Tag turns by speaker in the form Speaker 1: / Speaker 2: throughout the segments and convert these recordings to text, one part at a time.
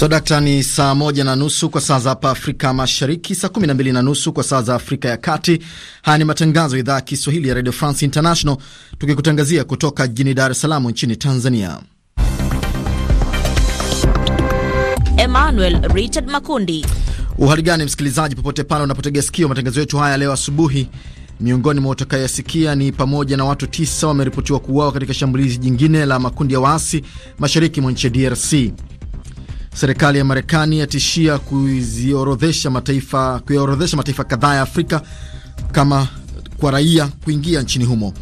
Speaker 1: So dakta, ni saa moja na nusu kwa saa za hapa Afrika Mashariki, saa kumi na mbili na nusu kwa saa za Afrika ya Kati. Haya ni matangazo ya idhaa ya Kiswahili ya Radio France International, tukikutangazia kutoka jijini Dar es Salaam nchini Tanzania.
Speaker 2: Emmanuel Richard Makundi.
Speaker 1: Uhali gani msikilizaji, popote pale unapotega sikio matangazo yetu haya leo asubuhi. Miongoni mwa utakayasikia ni pamoja na watu tisa wameripotiwa kuuawa katika shambulizi jingine la makundi ya waasi mashariki mwa nchi ya DRC. Serikali ya Marekani yatishia kuyaorodhesha mataifa, mataifa kadhaa ya Afrika kama kwa raia kuingia nchini humo.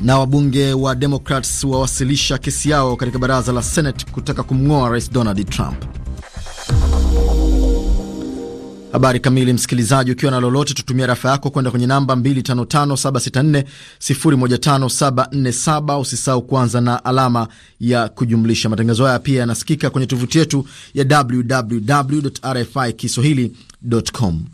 Speaker 1: Na wabunge wa Democrats wawasilisha kesi yao katika baraza la Senate kutaka kumng'oa Rais Donald Trump. Habari kamili, msikilizaji, ukiwa na lolote, tutumia rafa yako kwenda kwenye namba 255764015747. Usisahau kuanza na alama ya kujumlisha. Matangazo haya pia yanasikika kwenye tovuti yetu ya www.rfikiswahili.com.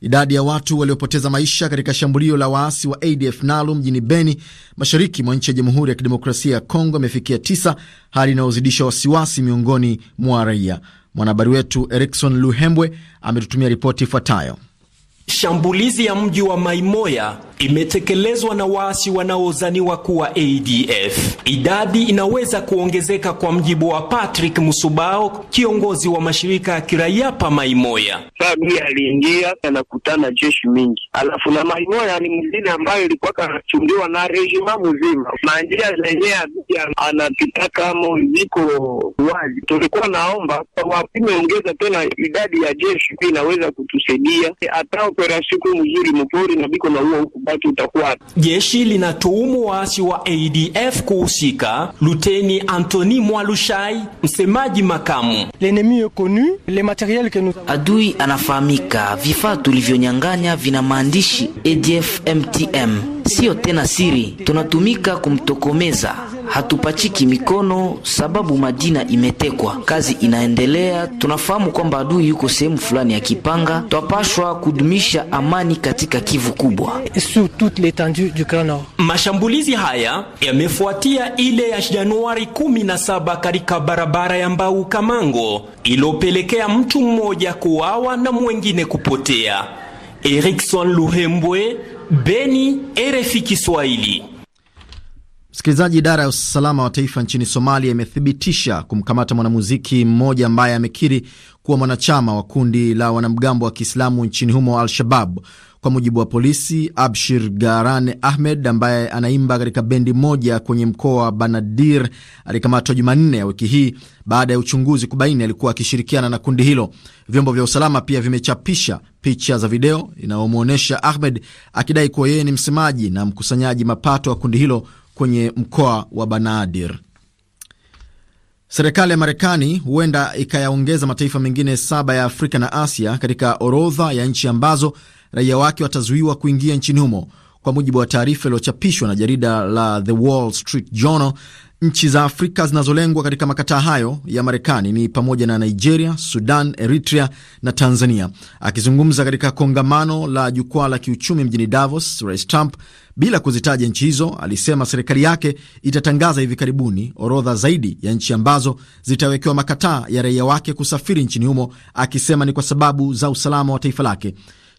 Speaker 1: Idadi ya watu waliopoteza maisha katika shambulio la waasi wa ADF NALU mjini Beni, mashariki mwa nchi ya Jamhuri ya Kidemokrasia ya Kongo imefikia tisa, hali inayozidisha wasiwasi miongoni mwa raia. Mwanahabari wetu Erikson Luhembwe ametutumia ripoti ifuatayo.
Speaker 3: Shambulizi ya mji wa Maimoya imetekelezwa na waasi wanaozaniwa kuwa ADF. Idadi inaweza kuongezeka kwa mjibu wa Patrick Musubao, kiongozi wa mashirika ya kiraia pa Maimoya. Sami aliingia anakutana jeshi mingi, alafu na Maimoya ni mwingine ambayo ilikuwa kanachungiwa na rejima mzima,
Speaker 4: manjia zenye anapita kamo ziko wazi. Tulikuwa naomba wapimeongeza tena idadi ya jeshi, inaweza kutusaidia atao operesheni mzuri mpori na biko na huo
Speaker 3: ukubaki utakuwa. Jeshi linatuhumu waasi wa ADF kuhusika. Luteni Anthony Mwalushai, msemaji makamu. L'ennemi est connu, le matériel que nous Adui anafahamika, vifaa tulivyonyang'anya vina maandishi ADF MTM. Sio tena siri, tunatumika kumtokomeza hatupachiki mikono sababu Madina imetekwa, kazi inaendelea. Tunafahamu kwamba adui yuko sehemu fulani ya Kipanga, twapashwa kudumisha amani katika Kivu kubwa. Mashambulizi haya yamefuatia ile ya Januari 17 katika barabara ya Mbau Kamango ilopelekea mtu mmoja kuawa na mwengine kupotea.
Speaker 5: Erikson Luhembwe, Beni, RFI Kiswahili.
Speaker 1: Msikilizaji, idara ya usalama wa taifa nchini Somalia imethibitisha kumkamata mwanamuziki mmoja ambaye amekiri kuwa mwanachama wa kundi la wanamgambo wa Kiislamu nchini humo Al-Shabab. Kwa mujibu wa polisi, Abshir Garan Ahmed ambaye anaimba katika bendi moja kwenye mkoa wa Banadir alikamatwa Jumanne ya wiki hii baada ya uchunguzi kubaini alikuwa akishirikiana na kundi hilo. Vyombo vya usalama pia vimechapisha picha za video inayomwonyesha Ahmed akidai kuwa yeye ni msemaji na mkusanyaji mapato wa kundi hilo kwenye mkoa wa Banadir. Serikali ya Marekani huenda ikayaongeza mataifa mengine saba ya Afrika na Asia katika orodha ya nchi ambazo raia wake watazuiwa kuingia nchini humo, kwa mujibu wa taarifa iliyochapishwa na jarida la The Wall Street Journal Nchi za Afrika zinazolengwa katika makataa hayo ya Marekani ni pamoja na Nigeria, Sudan, Eritrea na Tanzania. Akizungumza katika kongamano la jukwaa la kiuchumi mjini Davos, Rais Trump bila kuzitaja nchi hizo alisema serikali yake itatangaza hivi karibuni orodha zaidi ya nchi ambazo zitawekewa makataa ya raia wake kusafiri nchini humo, akisema ni kwa sababu za usalama wa taifa lake.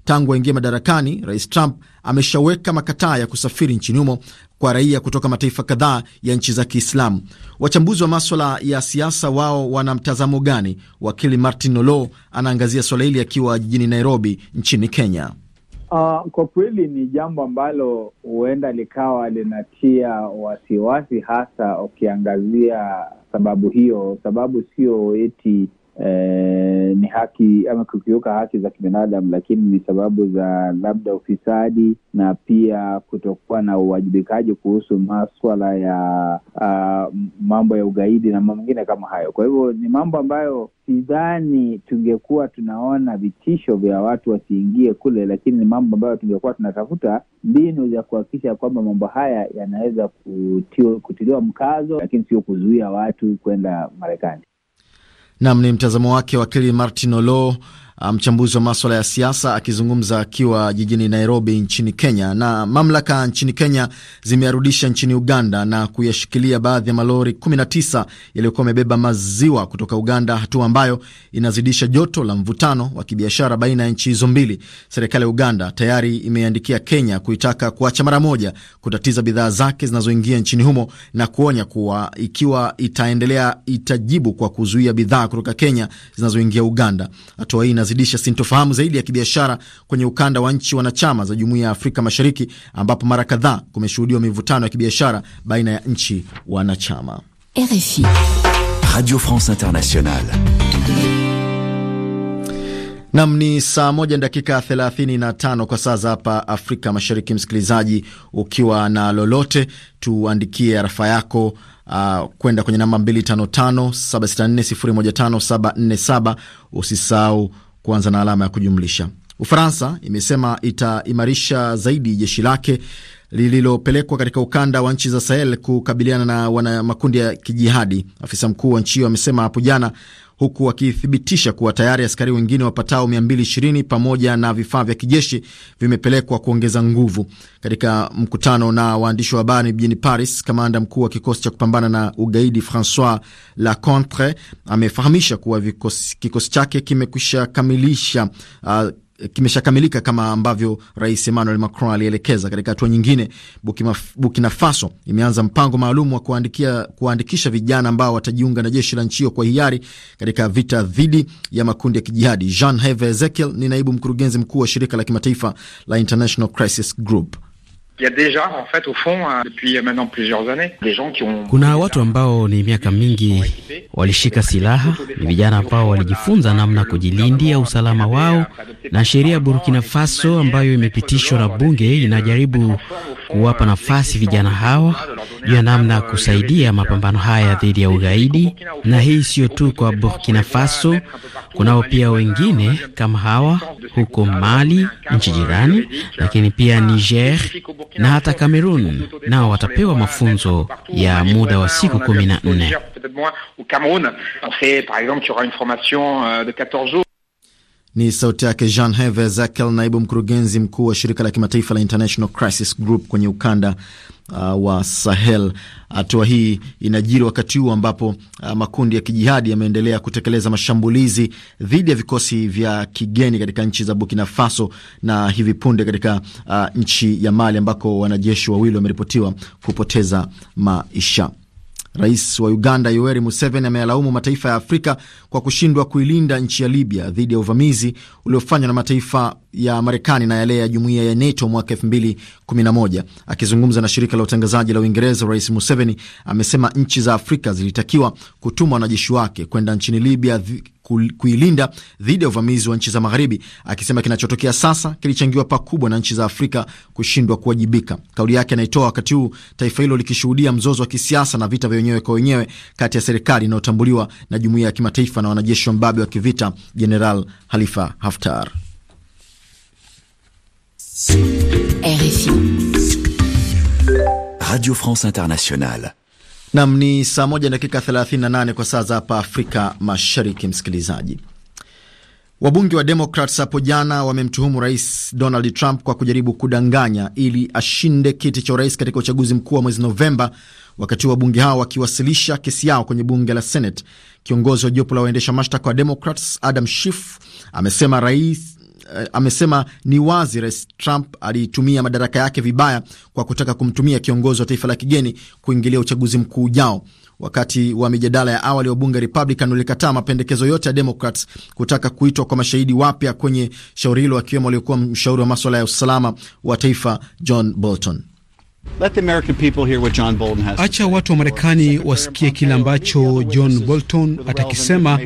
Speaker 1: Tangu aingia madarakani, Rais Trump ameshaweka makataa ya kusafiri nchini humo kwa raia kutoka mataifa kadhaa ya nchi za Kiislamu. Wachambuzi wa maswala ya siasa, wao wana mtazamo gani? Wakili Martin Olo anaangazia swala hili akiwa jijini Nairobi nchini Kenya.
Speaker 5: Uh, kwa kweli ni jambo ambalo huenda likawa linatia wasiwasi, hasa ukiangazia sababu hiyo. Sababu sio eti Eh, ni haki ama kukiuka haki za kibinadamu, lakini ni sababu za labda ufisadi na pia kutokuwa na uwajibikaji kuhusu maswala ya uh, mambo ya ugaidi na mambo mengine kama hayo. Kwa hivyo ni mambo ambayo sidhani tungekuwa tunaona vitisho vya watu wasiingie kule, lakini ni mambo ambayo tungekuwa tunatafuta mbinu za kuhakikisha kwamba mambo haya yanaweza kutiliwa mkazo, lakini sio kuzuia watu kwenda Marekani.
Speaker 1: Nam ni mtazamo wake wakili Martin Olo Ah, mchambuzi wa maswala ya siasa akizungumza akiwa jijini Nairobi nchini Kenya. Na mamlaka nchini Kenya zimearudisha nchini Uganda na kuyashikilia baadhi ya malori 19 yaliyokuwa yamebeba maziwa kutoka Uganda, hatua ambayo inazidisha joto la mvutano wa kibiashara baina ya nchi hizo mbili. Serikali ya Uganda tayari imeandikia Kenya kuitaka kuacha mara moja kutatiza bidhaa zake zinazoingia nchini humo na kuonya kuwa ikiwa itaendelea itajibu kwa kuzuia bidhaa kutoka Kenya zinazoingia Uganda. Hatua hii inazidisha sintofahamu zaidi ya kibiashara kwenye ukanda wa nchi wanachama za Jumuiya ya Afrika Mashariki, ambapo mara kadhaa kumeshuhudiwa mivutano ya kibiashara baina ya nchi wanachama. RFI, Radio France Internationale. Nam ni saa moja na dakika 35 kwa saa za hapa Afrika Mashariki. Msikilizaji, ukiwa na lolote, tuandikie arafa yako uh, kwenda kwenye namba 255 764 015 747. Usisahau kuanza na alama ya kujumlisha. Ufaransa imesema itaimarisha zaidi jeshi lake lililopelekwa katika ukanda wa nchi za Sahel kukabiliana na wana makundi ya kijihadi. Afisa mkuu wa nchi hiyo amesema hapo jana huku wakithibitisha kuwa tayari askari wengine wapatao 220 pamoja na vifaa vya kijeshi vimepelekwa kuongeza nguvu. Katika mkutano na waandishi wa habari mjini Paris, kamanda mkuu wa kikosi cha kupambana na ugaidi Francois contre amefahamisha kuwa kikosi chake kimekwisha kamilisha uh, kimeshakamilika kama ambavyo Rais Emmanuel Macron alielekeza. Katika hatua nyingine, Burkina Faso imeanza mpango maalum wa kuwaandikisha vijana ambao watajiunga na jeshi la nchi hiyo kwa hiari katika vita dhidi ya makundi ya kijihadi. Jean heve Ezekiel ni naibu mkurugenzi mkuu wa shirika la kimataifa
Speaker 3: la International Crisis Group
Speaker 5: en fait, au fond, depuis maintenant plusieurs années, des gens qui ont...
Speaker 3: Kuna watu ambao ni miaka mingi walishika silaha, ni vijana ambao walijifunza namna kujilindia usalama wao, na sheria ya Burkina Faso ambayo imepitishwa na bunge inajaribu kuwapa nafasi vijana hawa juu ya namna ya kusaidia mapambano haya dhidi ya ugaidi, na hii sio tu kwa Burkina Faso, kunao pia wengine kama hawa huko Mali, nchi jirani, lakini pia Niger na hata Kamerun, nao watapewa mafunzo ya muda wa siku kumi na nne.
Speaker 1: Ni sauti yake Jean Heve Zakel, naibu mkurugenzi mkuu wa shirika la kimataifa la International Crisis Group kwenye ukanda uh, wa Sahel. Hatua hii inajiri wakati huu ambapo uh, makundi ya kijihadi yameendelea kutekeleza mashambulizi dhidi ya vikosi vya kigeni katika nchi za Burkina Faso na hivi punde katika uh, nchi ya Mali ambako wanajeshi wawili wameripotiwa kupoteza maisha. Rais wa Uganda Yoweri Museveni ameyalaumu mataifa ya Afrika kwa kushindwa kuilinda nchi ya Libya dhidi ya uvamizi uliofanywa na mataifa ya Marekani na yale ya jumuiya ya NATO mwaka 2011. Akizungumza na shirika la utangazaji la Uingereza, Rais Museveni amesema nchi za Afrika zilitakiwa kutuma wanajeshi wake kwenda nchini Libya kuilinda dhidi ya uvamizi wa nchi za Magharibi, akisema kinachotokea sasa kilichangiwa pakubwa na nchi za Afrika kushindwa kuwajibika. Kauli yake anaitoa wakati huu taifa hilo likishuhudia mzozo wa kisiasa na vita vya wenyewe kwa wenyewe kati ya serikali inayotambuliwa na jumuiya ya kimataifa na wanajeshi wa mbabe wa kivita Jeneral Halifa Haftar.
Speaker 6: RFI
Speaker 1: Radio France Internationale. Nam ni saa moja dakika 38 kwa saa za hapa Afrika Mashariki. Msikilizaji, wabunge wa Democrats hapo jana wamemtuhumu Rais Donald Trump kwa kujaribu kudanganya ili ashinde kiti cha urais katika uchaguzi mkuu wa mwezi Novemba, wakati wabunge hao wakiwasilisha kesi yao kwenye bunge la Senate. Kiongozi wa jopo la waendesha mashtaka wa Democrats Adam Schiff amesema rais Eh, amesema ni wazi Rais Trump alitumia madaraka yake vibaya kwa kutaka kumtumia kiongozi wa taifa la kigeni kuingilia uchaguzi mkuu ujao. Wakati wa mijadala ya awali, wabunge Republican walikataa mapendekezo yote ya Democrats kutaka kuitwa kwa mashahidi wapya kwenye shauri hilo, akiwemo aliyekuwa mshauri wa maswala ya usalama wa taifa John Bolton.
Speaker 3: Acha watu wa Marekani wasikie kile ambacho John Bolton atakisema,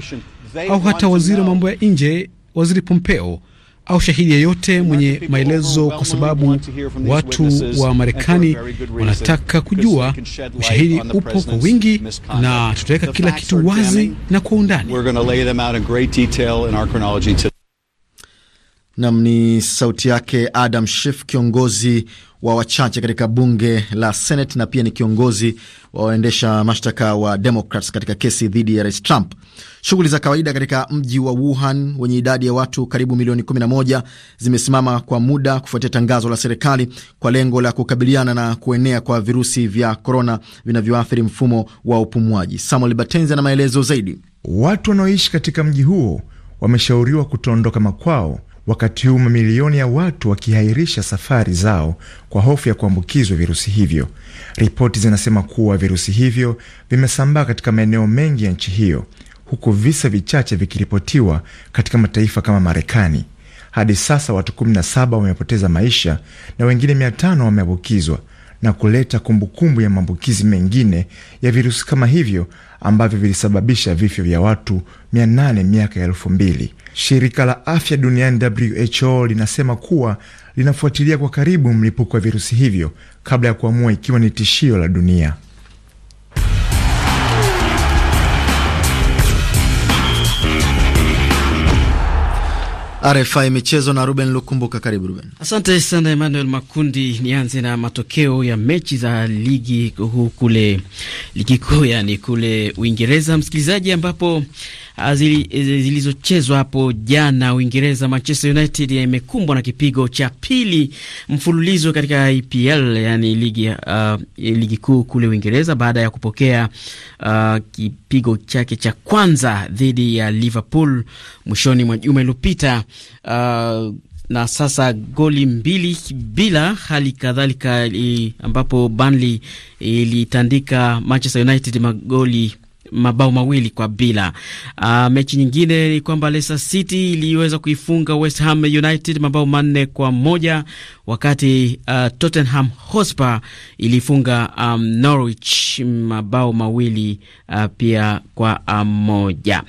Speaker 3: au hata waziri wa mambo ya nje, Waziri Pompeo au shahidi yeyote mwenye maelezo, kwa
Speaker 5: sababu watu wa Marekani wanataka kujua.
Speaker 3: Ushahidi upo kwa wingi, na tutaweka kila kitu wazi na kwa undani.
Speaker 1: Nam ni sauti yake Adam Schiff, kiongozi wa wachache katika bunge la Senate na pia ni kiongozi wa waendesha mashtaka wa Democrats katika kesi dhidi ya Rais Trump. Shughuli za kawaida katika mji wa Wuhan wenye idadi ya watu karibu milioni 11 zimesimama kwa muda kufuatia tangazo la serikali kwa lengo la kukabiliana na kuenea kwa virusi vya korona vinavyoathiri mfumo wa upumuaji. Samuel Batenzi ana maelezo zaidi. Watu wanaoishi katika mji huo wameshauriwa kutoondoka makwao wakati huu mamilioni ya watu wakihairisha safari zao kwa hofu ya kuambukizwa virusi hivyo. Ripoti zinasema kuwa virusi hivyo vimesambaa katika maeneo mengi ya nchi hiyo, huku visa vichache vikiripotiwa katika mataifa kama Marekani. Hadi sasa watu 17 wamepoteza maisha na wengine 500 wameambukizwa na kuleta kumbukumbu kumbu ya maambukizi mengine ya virusi kama hivyo ambavyo vilisababisha vifo vya watu 800 miaka ya elfu mbili. Shirika la afya duniani WHO linasema kuwa linafuatilia kwa karibu mlipuko wa virusi hivyo kabla ya kuamua ikiwa ni tishio la dunia. RFI Michezo na Ruben Lukumbuka. Karibu Ruben.
Speaker 3: Asante sana Emmanuel Makundi. Nianze na matokeo ya mechi za ligi kuu kule, ligi kuu yani kule Uingereza, msikilizaji, ambapo Ah, zilizochezwa hapo jana. Uingereza, Manchester United imekumbwa na kipigo cha pili mfululizo katika EPL, yani ligi, uh, ligi kuu kule Uingereza baada ya kupokea uh, kipigo chake cha kwanza dhidi ya Liverpool mwishoni mwa juma iliyopita uh, na sasa goli mbili bila, hali kadhalika eh, ambapo Burnley ilitandika Manchester United magoli mabao mawili kwa bila. Uh, mechi nyingine ni kwamba Leicester City iliweza kuifunga West Ham United mabao manne kwa moja wakati uh, Tottenham Hotspur ilifunga um, Norwich mabao mawili uh, pia kwa um, moja.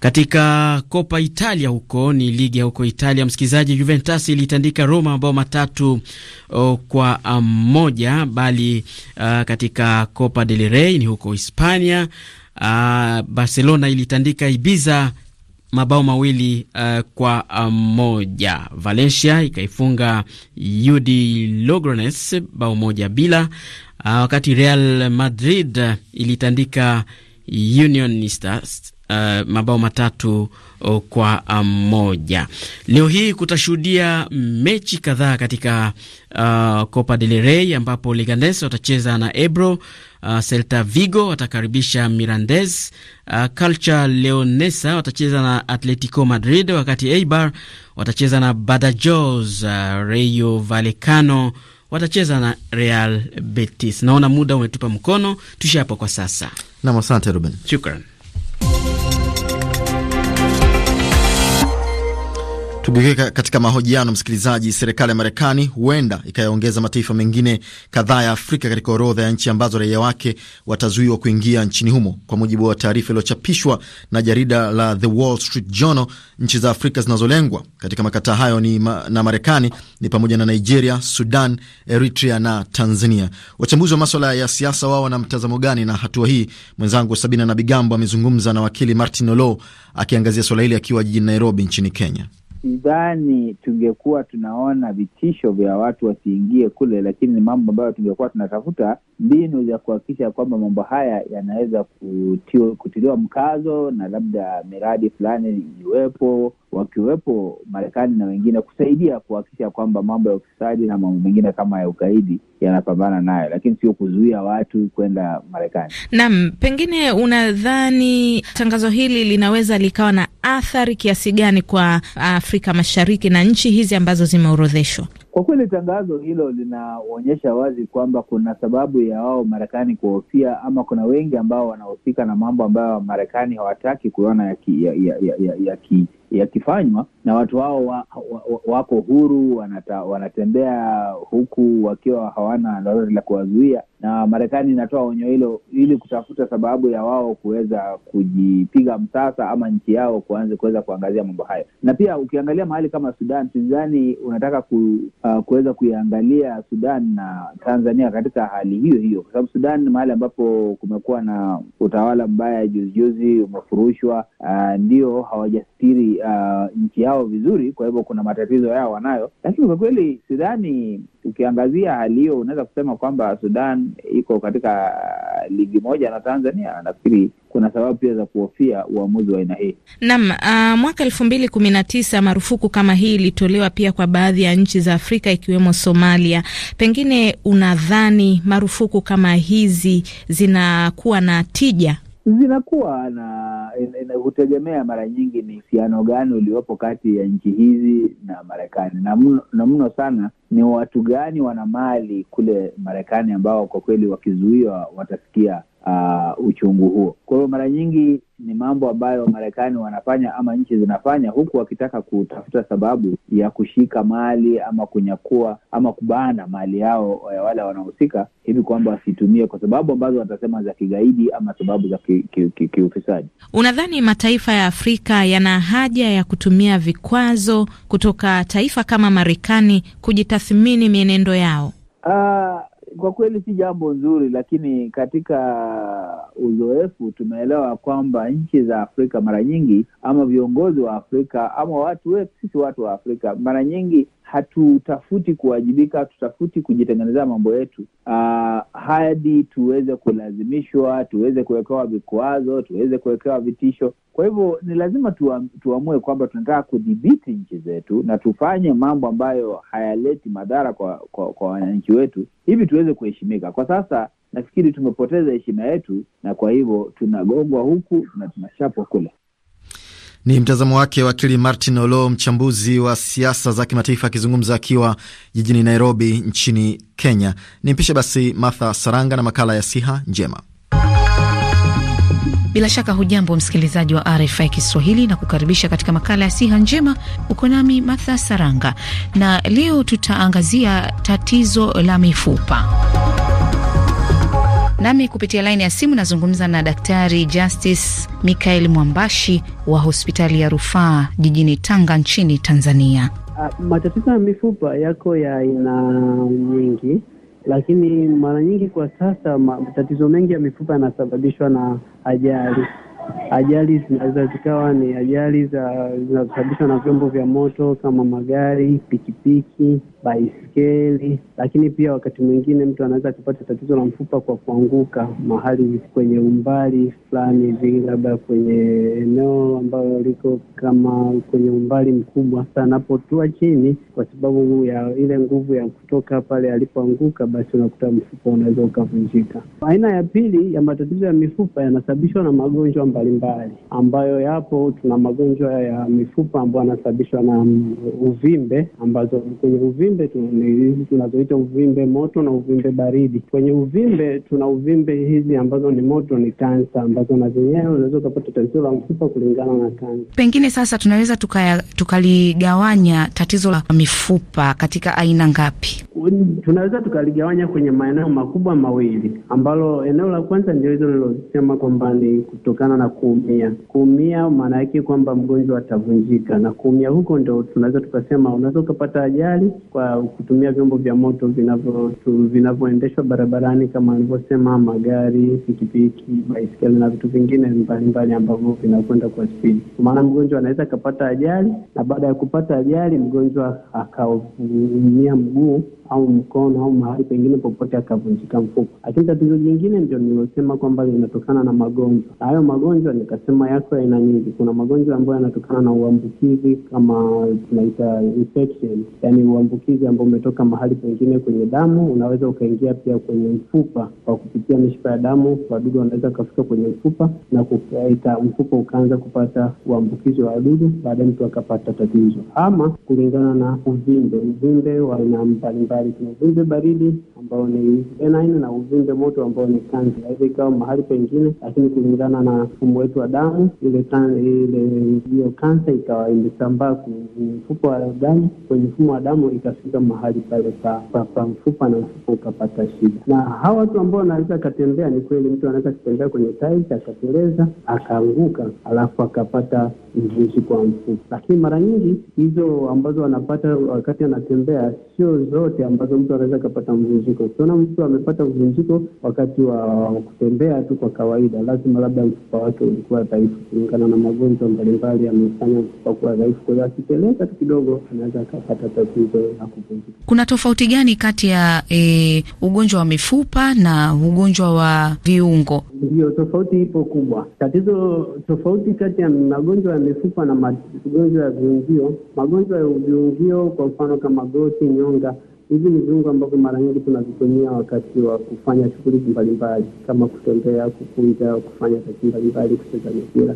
Speaker 3: Katika Coppa Italia huko ni ligi huko Italia, msikilizaji, Juventus ilitandika Roma mabao matatu uh, kwa um, moja, bali uh, katika Copa del Rey ni huko Hispania uh, Barcelona ilitandika Ibiza mabao mawili uh, kwa ah, moja. Valencia ikaifunga UD Logrones bao moja bila, uh, wakati Real Madrid ilitandika Unionistas uh, mabao matatu uh, kwa moja. leo hii kutashuhudia mechi kadhaa katika uh, Copa del Rey ambapo Leganes watacheza na Ebro Uh, Celta Vigo watakaribisha Mirandez. Uh, Culture Leonesa watacheza na Atletico Madrid, wakati Eibar watacheza na Badajoz. Uh, Rayo Vallecano watacheza na Real Betis. Naona muda umetupa mkono, tuishie hapo kwa sasa. Nam, asante Ruben, shukran.
Speaker 1: Tukiweka katika mahojiano, msikilizaji, serikali ya Marekani huenda ikayaongeza mataifa mengine kadhaa ya Afrika katika orodha ya nchi ambazo raia wake watazuiwa kuingia nchini humo. Kwa mujibu wa taarifa iliyochapishwa na jarida la The Wall Street Journal, nchi za Afrika zinazolengwa katika makata hayo ni ma na Marekani ni pamoja na Nigeria, Sudan, Eritrea na Tanzania. Wachambuzi wa maswala ya siasa wao wana mtazamo gani na hatua hii? Mwenzangu Sabina Nabigambo amezungumza na wakili Martin Olo akiangazia swala hili akiwa jijini Nairobi nchini Kenya
Speaker 5: sidhani tungekuwa tunaona vitisho vya watu wasiingie kule, lakini ni mambo ambayo tungekuwa tunatafuta mbinu za kuhakikisha kwamba mambo haya yanaweza kutiliwa mkazo na labda miradi fulani iwepo wakiwepo Marekani na wengine kusaidia kuhakikisha kwamba mambo ya ufisadi na mambo mengine kama ya ugaidi yanapambana nayo, lakini sio kuzuia watu kwenda Marekani.
Speaker 2: Naam, pengine unadhani tangazo hili linaweza likawa na athari kiasi gani kwa Afrika Mashariki na nchi hizi ambazo zimeorodheshwa?
Speaker 5: Kwa kweli tangazo hilo linaonyesha wazi kwamba kuna sababu ya wao Marekani kuhofia ama kuna wengi ambao wanahusika na mambo ambayo Marekani hawataki kuona yaki, ya, ya, ya, ya, ya, yakifanywa na watu hao wa, wa, wa, wako huru wanata, wanatembea huku wakiwa hawana lolote la kuwazuia, na Marekani inatoa onyo hilo ili kutafuta sababu ya wao kuweza kujipiga msasa ama nchi yao kuanza kuweza kuangazia mambo hayo. Na pia ukiangalia mahali kama Sudan, sidhani unataka ku, uh, kuweza kuiangalia Sudan na Tanzania katika hali hiyo hiyo, kwa sababu Sudan ni mahali ambapo kumekuwa na utawala mbaya, juzijuzi umefurushwa, uh, ndio hawajastiri uh, nchi yao vizuri. Kwa hivyo kuna matatizo yao wanayo, lakini kwa kweli sidhani, ukiangazia hali hiyo unaweza kusema kwamba Sudan iko katika uh, ligi moja na Tanzania. Nafikiri kuna sababu pia za kuhofia uamuzi wa aina hii.
Speaker 2: nam uh, mwaka elfu mbili kumi na tisa marufuku kama hii ilitolewa pia kwa baadhi ya nchi za Afrika ikiwemo Somalia. Pengine unadhani marufuku kama hizi zinakuwa na tija
Speaker 5: zinakuwa na hutegemea mara nyingi ni husiano gani uliopo kati ya nchi hizi na Marekani, na na mno sana ni watu gani wana mali kule Marekani ambao kwa kweli wakizuiwa watasikia uh, uchungu huo. Kwa hiyo mara nyingi ni mambo ambayo Marekani wanafanya ama nchi zinafanya huku wakitaka kutafuta sababu ya kushika mali ama kunyakua ama kubana mali yao ya eh, wale wanahusika hivi kwamba wasitumie kwa sababu ambazo watasema za kigaidi ama sababu za kiufisadi.
Speaker 2: Unadhani mataifa ya Afrika yana haja ya kutumia vikwazo kutoka taifa kama Marekani kujitathmini mienendo yao?
Speaker 5: Uh, kwa kweli si jambo nzuri, lakini katika uzoefu tumeelewa kwamba nchi za Afrika mara nyingi, ama viongozi wa Afrika ama watu wetu, sisi watu wa Afrika mara nyingi hatutafuti kuwajibika, hatutafuti kujitengenezea mambo yetu uh, hadi tuweze kulazimishwa, tuweze kuwekewa vikwazo, tuweze kuwekewa vitisho. Kwa hivyo ni lazima tuamue kwamba tunataka kudhibiti nchi zetu na tufanye mambo ambayo hayaleti madhara kwa kwa wananchi wetu, hivi tuweze kuheshimika. Kwa sasa nafikiri tumepoteza heshima yetu, na kwa hivyo tunagongwa huku na tunashapwa kule.
Speaker 1: Ni mtazamo wake wakili Martin Olo, mchambuzi wa siasa za kimataifa, akizungumza akiwa jijini Nairobi nchini Kenya. Ni mpishe basi Martha Saranga na makala ya siha njema.
Speaker 2: Bila shaka hujambo msikilizaji wa RFI Kiswahili na kukaribisha katika makala ya siha njema. Uko nami Martha Saranga na leo tutaangazia tatizo la mifupa. Nami kupitia laini ya simu nazungumza na Daktari Justice Mikael Mwambashi wa hospitali ya rufaa jijini Tanga nchini Tanzania.
Speaker 4: Uh, matatizo ya mifupa yako ya aina nyingi, lakini mara nyingi kwa sasa matatizo mengi ya mifupa yanasababishwa na ajali. Ajali zinaweza zikawa ni ajali zinazosababishwa na vyombo vya moto kama magari, pikipiki baiskeli, lakini pia wakati mwingine mtu anaweza akapata tatizo la mfupa kwa kuanguka mahali kwenye umbali fulani hivi, labda kwenye eneo ambayo liko kama kwenye umbali mkubwa. Sasa anapotua chini, kwa sababu ya ile nguvu ya kutoka pale alipoanguka, basi unakuta mfupa unaweza ukavunjika. Aina ya pili ya matatizo ya mifupa yanasababishwa na magonjwa mbalimbali ambayo yapo. Tuna magonjwa ya mifupa ambayo yanasababishwa na uvimbe ambazo kwenye uvimbe uvimbe tu tunazoita uvimbe moto na uvimbe baridi. Kwenye uvimbe tuna uvimbe hizi ambazo ni moto, ni kansa, ambazo na zenyewe unaweza ukapata tatizo la mfupa kulingana na kansa.
Speaker 2: Pengine sasa tunaweza tukaligawanya tuka tatizo la mifupa katika aina ngapi?
Speaker 4: Tunaweza tukaligawanya kwenye maeneo makubwa mawili, ambalo eneo la kwanza ndio hizo nilosema kwamba ni kutokana na kuumia. Kuumia maana yake kwamba mgonjwa atavunjika, na kuumia huko ndo tunaweza tukasema unaweza ukapata ajali kwa kutumia vyombo vya moto vinavyoendeshwa barabarani kama alivyosema magari, pikipiki, baiskeli na vitu vingine mbalimbali ambavyo vinakwenda kwa spidi, kwa maana mgonjwa anaweza akapata ajali na baada ya kupata ajali mgonjwa akaumia mguu au mkono au mahali pengine popote akavunjika mfupa. Lakini tatizo jingine ndio nilosema kwamba linatokana na magonjwa, na hayo magonjwa nikasema yako aina nyingi. Kuna magonjwa ambayo yanatokana na uambukizi kama tunaita infection, yani uambukizi ambao umetoka mahali pengine kwenye damu, unaweza ukaingia pia kwenye mfupa kwa kupitia mishipa ya damu. Wadudu wanaweza ukafika kwenye mfupa na kukaita mfupa ukaanza kupata uambukizi wa wadudu, baadaye mtu akapata tatizo, ama kulingana na uvimbe, uvimbe wa aina mbalimbali hatari. Kuna uvimbe baridi ambao ni benign na uvimbe moto ambao ni kansa. Inaweza ikawa mahali pengine, lakini kulingana na mfumo wetu wa damu, ile hiyo kansa ikawa imesambaa kwenye mfupa wa damu, kwenye mfumo wa damu ikafika mahali pale pa, pa, pa mfupa na mfupa ukapata shida. Na hawa watu ambao wanaweza akatembea, ni kweli mtu anaweza kutembea kwenye tiles akateleza akaanguka, alafu akapata mvuzi kwa mfupa, lakini mara nyingi hizo ambazo wanapata wakati anatembea sio zote ambazo mtu anaweza akapata mvunjiko. Tunaona mtu amepata mvunjiko wakati wa kutembea tu kwa kawaida, lazima labda mfupa wake ulikuwa dhaifu kulingana na magonjwa mbalimbali amefanya mfupa kuwa dhaifu. Kwa hiyo akiteleza tu kidogo anaweza akapata tatizo la kuvunjika.
Speaker 2: Kuna tofauti gani kati ya e, ugonjwa wa mifupa na ugonjwa wa
Speaker 4: viungo? Ndio, tofauti ipo kubwa. Tatizo tofauti kati ya magonjwa ya mifupa na magonjwa ya viungio, magonjwa ya viungio kwa mfano kama goti, nyonga Hivi ni viungo ambavyo mara nyingi tunavitumia wakati wa kufanya shughuli mbalimbali kama kutembea, kukunja, kufanya kazi mbalimbali, kucheza mipira.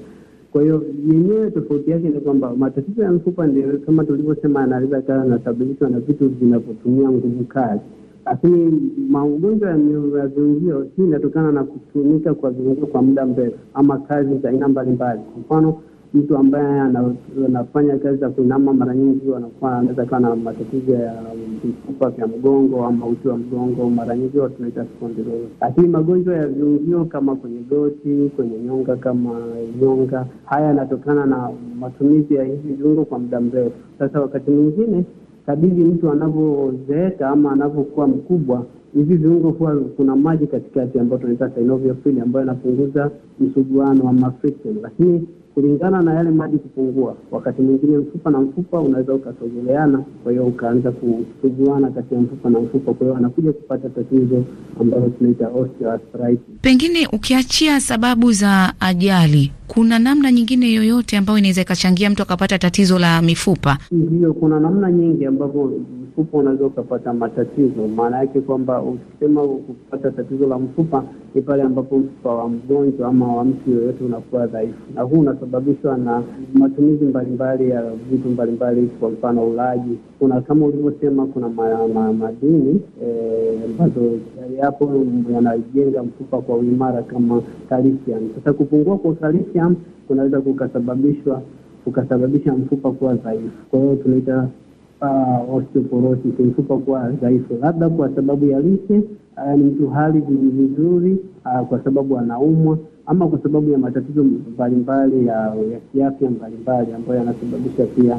Speaker 4: Kwa hiyo yenyewe tofauti yake ni kwamba matatizo ya mfupa ndio kama tulivyosema, anaweza kaa anasababishwa na vitu vinavyotumia nguvu kazi, lakini magonjwa ya viungio hii inatokana na kutumika kwa viungio kwa muda mrefu ama kazi za aina mbalimbali, kwa mfano mtu ambaye anafanya kazi za kuinama mara nyingi wanakuwa anaweza kawa na matatizo ya vifupa vya mgongo ama uti wa mgongo, mara nyingi tunaita spondylosis. Lakini magonjwa ya viungio kama kwenye goti, kwenye nyonga kama nyonga, haya yanatokana na matumizi ya hivi viungo kwa muda mrefu. Sasa wakati mwingine kadiri mtu anavyozeeka ama anavyokuwa mkubwa hivi viungo huwa kuna maji katikati ambayo tunaita synovial fluid ambayo inapunguza msuguano wa friction, lakini kulingana na yale maji kupungua. Wakati mwingine mfupa na mfupa unaweza ukasogeleana, kwa hiyo ukaanza kusuguana kati ya mfupa na mfupa, kwa hiyo anakuja kupata tatizo ambalo tunaita osteoarthritis.
Speaker 2: Pengine ukiachia sababu za ajali, kuna namna nyingine yoyote ambayo inaweza ikachangia mtu akapata tatizo la mifupa? Ndiyo,
Speaker 4: kuna namna nyingi ambavyo mfupa unaweza ukapata matatizo. Maana yake kwamba ukisema kupata tatizo la mfupa ni pale ambapo mfupa wa mgonjwa ama wa mtu yoyote unakuwa dhaifu, na huu unasababishwa na matumizi mbalimbali ya vitu mbalimbali, kwa mfano ulaji. Kuna kama ulivyosema, kuna ma, ma, madini eh, ambazo e, yapo yanajenga mfupa kwa uimara kama kalsiamu. Sasa kupungua kwa kalsiamu kunaweza kukasababishwa ukasababisha mfupa kuwa dhaifu, kwa hiyo tunaita uh, osteoporosis, mfupa kuwa dhaifu, labda kwa sababu ya lishe, ni mtu hali vizuri, uh, kwa sababu anaumwa ama kwa sababu ya matatizo mbalimbali ya kiafya mbalimbali ambayo yanasababisha pia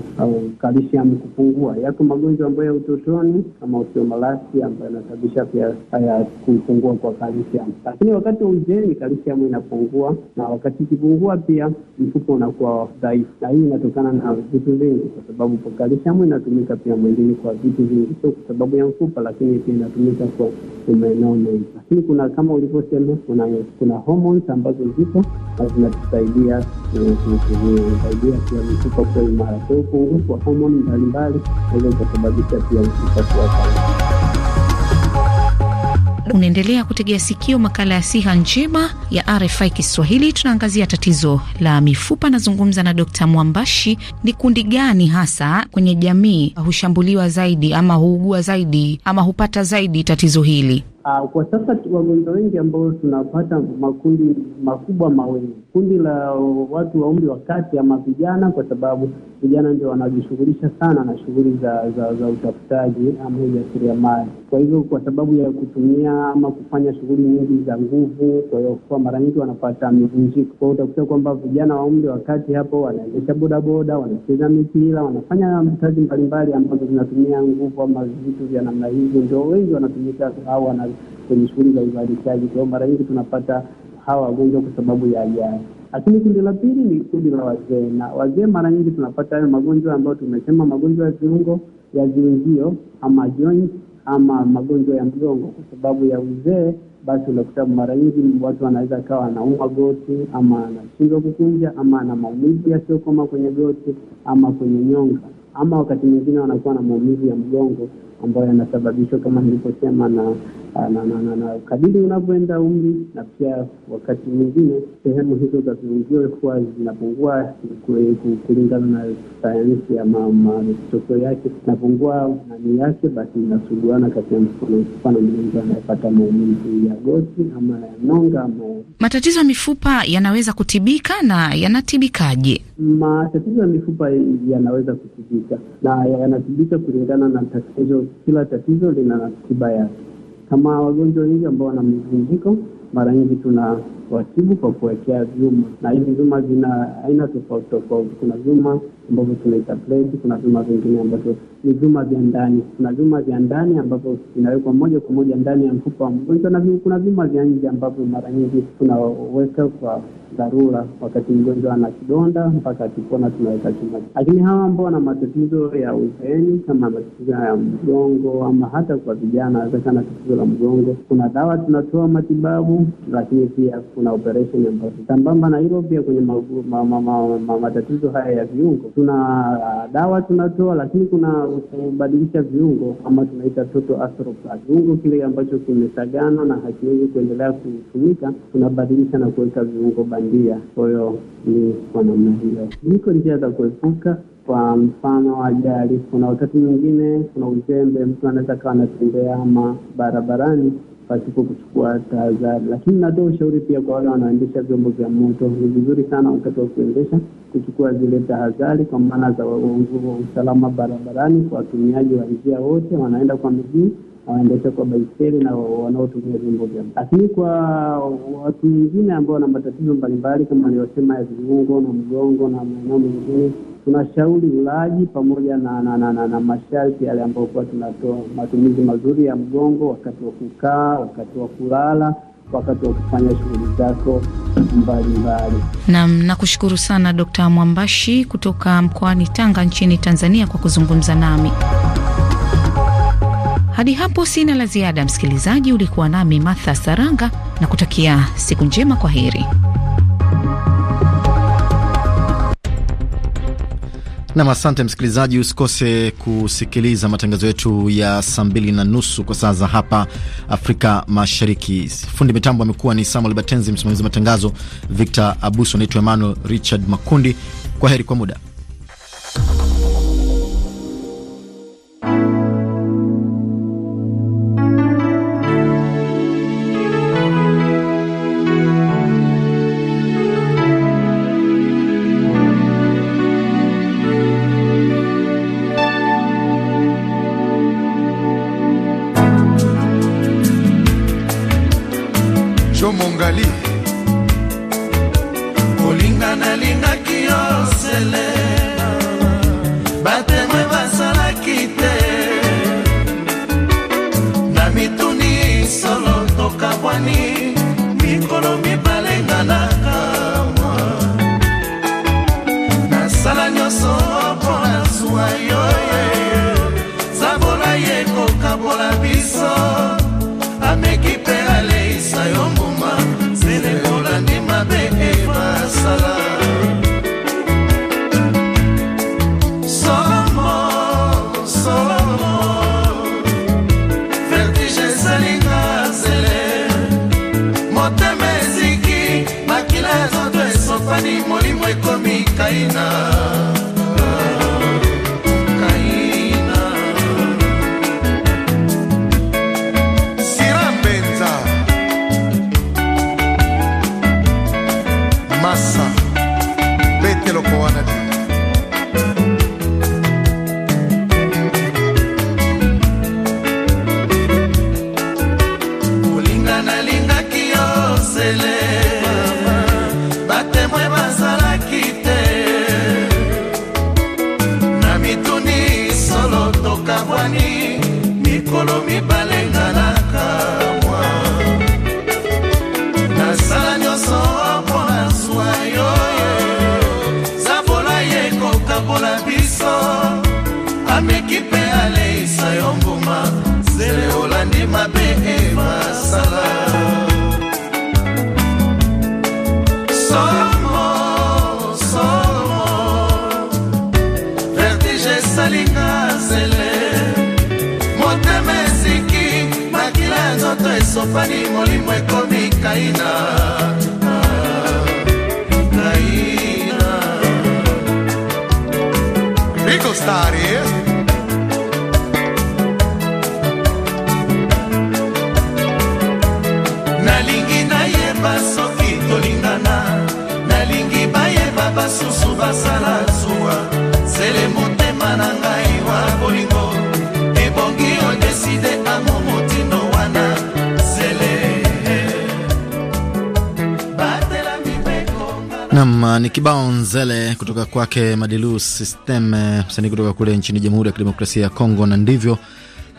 Speaker 4: kalsiamu kupungua. Yako magonjwa ambayo ya utotoni kama osteomalasi ambayo yanasababisha pia haya kupungua kwa kalsiamu, lakini wakati wa uzeeni kalsiamu inapungua, na wakati ikipungua pia mfuko unakuwa dhaifu, na hii inatokana na vitu vingi, kwa sababu kalsiamu inatumika pia mwilini kwa vitu vingi, sio kwa sababu ya mfupa, lakini pia inatumika kwa maeneo mengi. Lakini kuna kama ulivyosema, kuna kuna hormones ambazo ambazo zipo na zinatusaidia zinatusaidia eh, pia mifupa kuwa imara. Kwa hiyo upungufu wa homoni mbalimbali naweza ukasababisha pia mifupa kuwa kawaida.
Speaker 2: Unaendelea kutegea sikio makala ya siha njema ya RFI Kiswahili. Tunaangazia tatizo la mifupa. Nazungumza na Dkt Mwambashi. Ni kundi gani hasa kwenye jamii hushambuliwa zaidi ama huugua zaidi ama hupata zaidi tatizo hili?
Speaker 4: Uh, kwa sasa wagonjwa wengi ambao tunapata makundi makubwa mawili, kundi la watu wa umri wa kati ama vijana, kwa sababu vijana ndio wanajishughulisha sana na shughuli za, za, za utafutaji ama ujasiriamali. Kwa hivyo kwa sababu ya kutumia ama kufanya shughuli nyingi za nguvu, kwa hiyo kwa mara nyingi wanapata mivunjiko. Kwa hiyo utakuta kwamba vijana wa umri wa kati hapo wanaendesha bodaboda, wanacheza mipira, wanafanya kazi mbalimbali ambazo zinatumia nguvu ama vitu vya namna hivyo, ndio wengi wanatumika au wana kwenye shughuli za uzalishaji. Kwa hiyo mara nyingi tunapata hawa wagonjwa kwa sababu ya ajali. Lakini kundi la pili ni kundi la wazee, na wazee mara nyingi tunapata hayo magonjwa ambayo tumesema, magonjwa ya viungo ya viungio ama joint ama magonjwa ya mgongo. Kwa sababu ya uzee, basi unakuta mara nyingi watu wanaweza kawa anaumwa goti ama anashindwa kukunja ama ana maumivu yasiyokoma kwenye goti ama kwenye nyonga, ama wakati mwingine wanakuwa na maumivu ya mgongo ambayo yanasababishwa kama nilivyosema na Ah, na, na, na, na kadiri unavyoenda umri na pia wakati mwingine sehemu hizo za viungio huwa zinapungua kulingana na sayansi ya matokeo yake, zinapungua nani yake, basi inasuguana kati ya mkono. Mfano, mgonjwa anayepata maumivu ya goti ama ya nonga ama
Speaker 2: matatizo ya mifupa yanaweza kutibika na yanatibikaje? Matatizo
Speaker 4: ya mifupa yanaweza kutibika na yanatibika kulingana na tatizo, kila tatizo lina tiba yake. Kama wagonjwa wengi ambao wana mivunjiko, mara nyingi tuna watibu kwa kuwekea vyuma, na hivi vyuma vina aina tofauti tofauti. Kuna vyuma ambavyo tunaita plate, kuna vyuma vingine ambavyo ni vyuma vya ndani. Kuna vyuma vya ndani ambavyo vinawekwa moja kwa moja ndani ya mfupa wa mgonjwa, na kuna vyuma vya nje ambavyo mara nyingi tunaweka kwa dharura, wakati mgonjwa ana kidonda mpaka akipona tunaweka chuma. Lakini hawa ambao wana matatizo ya uzeeni kama matatizo ya mgongo ama hata kwa vijana na tatizo la mgongo, kuna dawa tunatoa matibabu, lakini pia kuna operesheni ambazo sambamba na hilo. Pia kwenye ma, ma, ma, ma, ma, matatizo haya ya viungo tuna dawa tunatoa, lakini kuna kubadilisha viungo ama tunaita total arthroplasty. Viungo kile ambacho kimesagana na hakiwezi kuendelea kutumika, tunabadilisha na kuweka viungo bandia. Kwa hiyo ni kwa namna hiyo. Ziko njia za kuepuka kwa mfano ajali. Kuna wakati mwingine kuna uzembe, mtu anaweza kawa anatembea ama barabarani pasipo kuchukua tahadhari. Lakini natoa ushauri pia kwa wale wanaoendesha vyombo vya moto, ni vizuri sana wakati wa kuendesha kuchukua zile tahadhari kwa maana za usalama barabarani kwa watumiaji wa njia wote, wanaenda kwa miguu waendesha kwa baiskeli na wanaotumia vyombo vya lakini kwa watu wengine ambao wana matatizo mbalimbali kama aliyosema ya viungo na mgongo na maeneo mengine tunashauri ulaji pamoja na, na, na, na, na masharti yale ambayo kuwa tunatoa matumizi mazuri ya mgongo wakati wa kukaa, wakati wa kulala wakati wa kufanya shughuli zako mbalimbali.
Speaker 2: Naam, nakushukuru sana Dr. Mwambashi kutoka mkoani Tanga nchini Tanzania kwa kuzungumza nami. Hadi hapo sina la ziada, msikilizaji. Ulikuwa nami Martha Saranga na kutakia siku njema, kwa heri.
Speaker 1: Nam, asante msikilizaji, usikose kusikiliza matangazo yetu ya saa mbili na nusu kwa saa za hapa Afrika Mashariki. Fundi mitambo amekuwa ni Samuel Batenzi, msimamizi wa matangazo Victor Abuso. Naitwa Emmanuel Richard Makundi. Kwa heri kwa muda.
Speaker 6: salam. stare nalingi nayeba so
Speaker 1: ni kibao nzele kutoka kwake Madilu System, msanii kutoka kule nchini Jamhuri ya Kidemokrasia ya Kongo, na ndivyo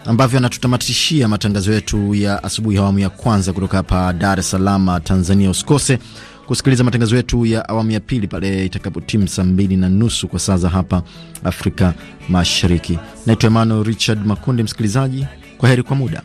Speaker 1: ambavyo anatutamatishia matangazo yetu ya asubuhi awamu ya kwanza kutoka hapa Dar es Salaam, Tanzania. Usikose kusikiliza matangazo yetu ya awamu ya pili pale timu saa mbili na nusu kwa saa za hapa Afrika Mashariki. Naitwa Emmanuel Richard Makundi. Msikilizaji, kwa
Speaker 5: heri kwa muda.